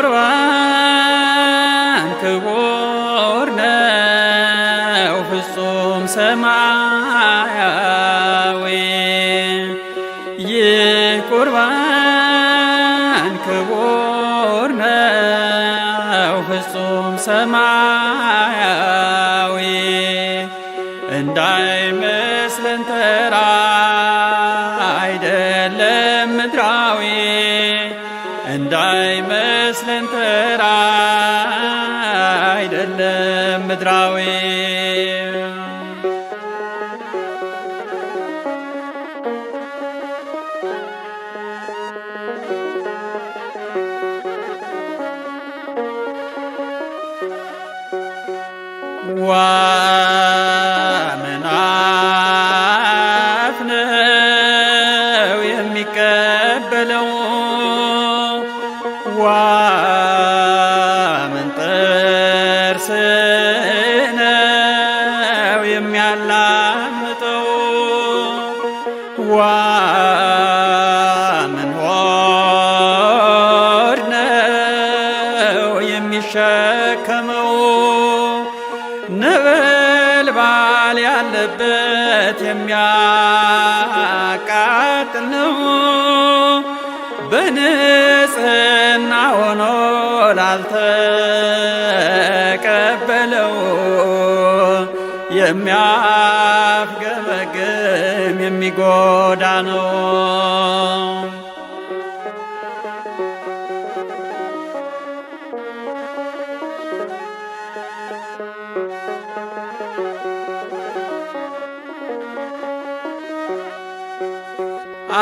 ቁርባን ክቡር ነው ፍጹም ሰማያዊ ይህ ቁርባን ክቡር ነው ፍጹም ሰማያዊ እንዳይመስለን ተራ አይደለም ምድራዊ እንዳይመስለን ተራ አይደለም ምድራዊ ዋምናፍ ነው የሚቀበለው ጽዋ መኖር ነው የሚሸከመው ነበልባል ያለበት የሚያቃጥል ነው። በንጽህና ሆኖ ላልተ የሚያፍገበግም የሚጎዳ ነው።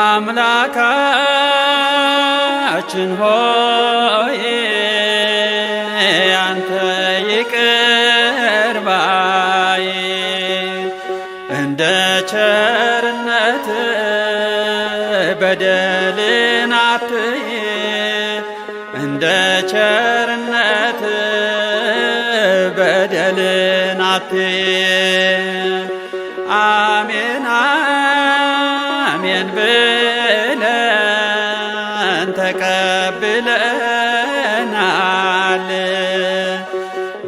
አምላካችን ሆይ አንተ ይቅር ቸርነት በደልን አትይ። አሜን አሜን ብለን ተቀብለናል።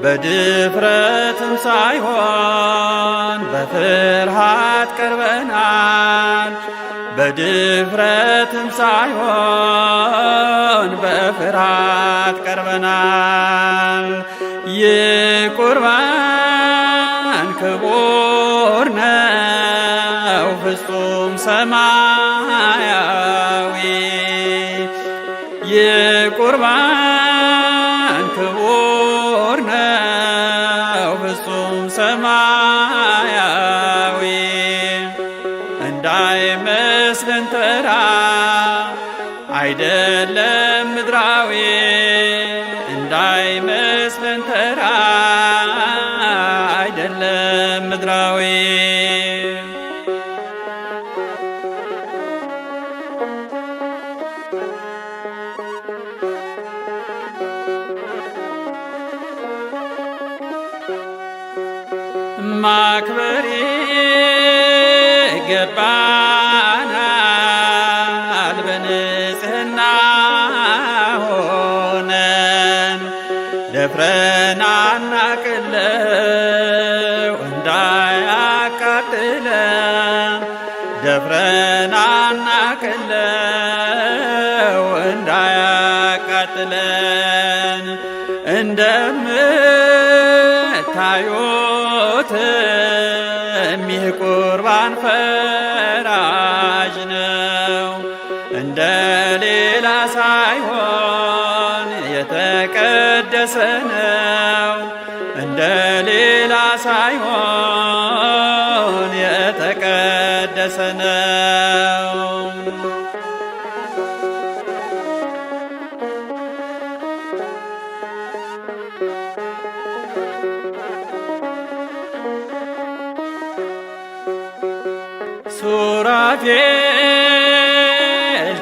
በድፍረትም ሳይሆን በፍርሃት ቀርበናል። በድፍረትም ሳይሆን መስዋዕት ቀርበናል። ይህ ቁርባን ክቡር ነው ፍጹም ሰማያዊ። ይህ ቁርባን ክቡር ነው ፍጹም ሰማያዊ እንዳይመስልን ተራ አይደለም ማክበር ይገባናል። በንጽህና ሆነን ደፍረን አናቅለው እንዳያቃጥለን ደፍረን አናቅለው እንዳያቃጥለን እንደምን አታዩትም። ይህ ቁርባን ፈራጅ ነው፣ እንደ ሌላ ሳይሆን የተቀደሰ ነው። እንደ ሌላ ሳይሆን የተቀደሰ ነው። ሱራፌል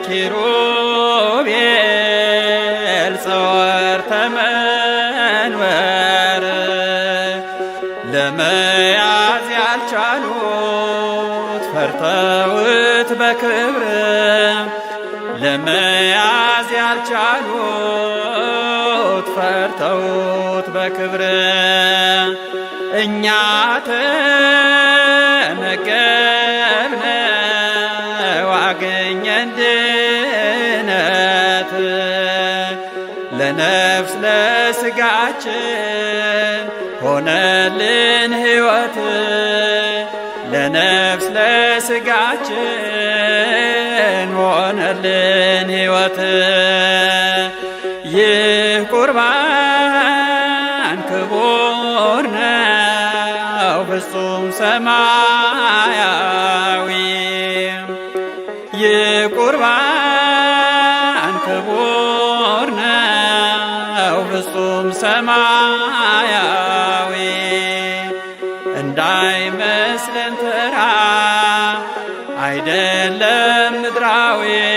ኪሩቤል ጸወርተ መንበር ለመያዝ ያልቻሉት ፈርተውት በክብር ለመያዝ ያልቻሉት ፈርተውት በክብር እኛት ምህረት ለነፍስ ለስጋችን ሆነልን ሕይወት ለነፍስ ለስጋችን ሆነልን ሕይወት ይህ ቁርባን ክቡር ነው ፍጹም ሰማያዊ ይህ ቁርባን ፍጹም ሰማያዊ እንዳይመስለን ተራ አይደለም ምድራዊ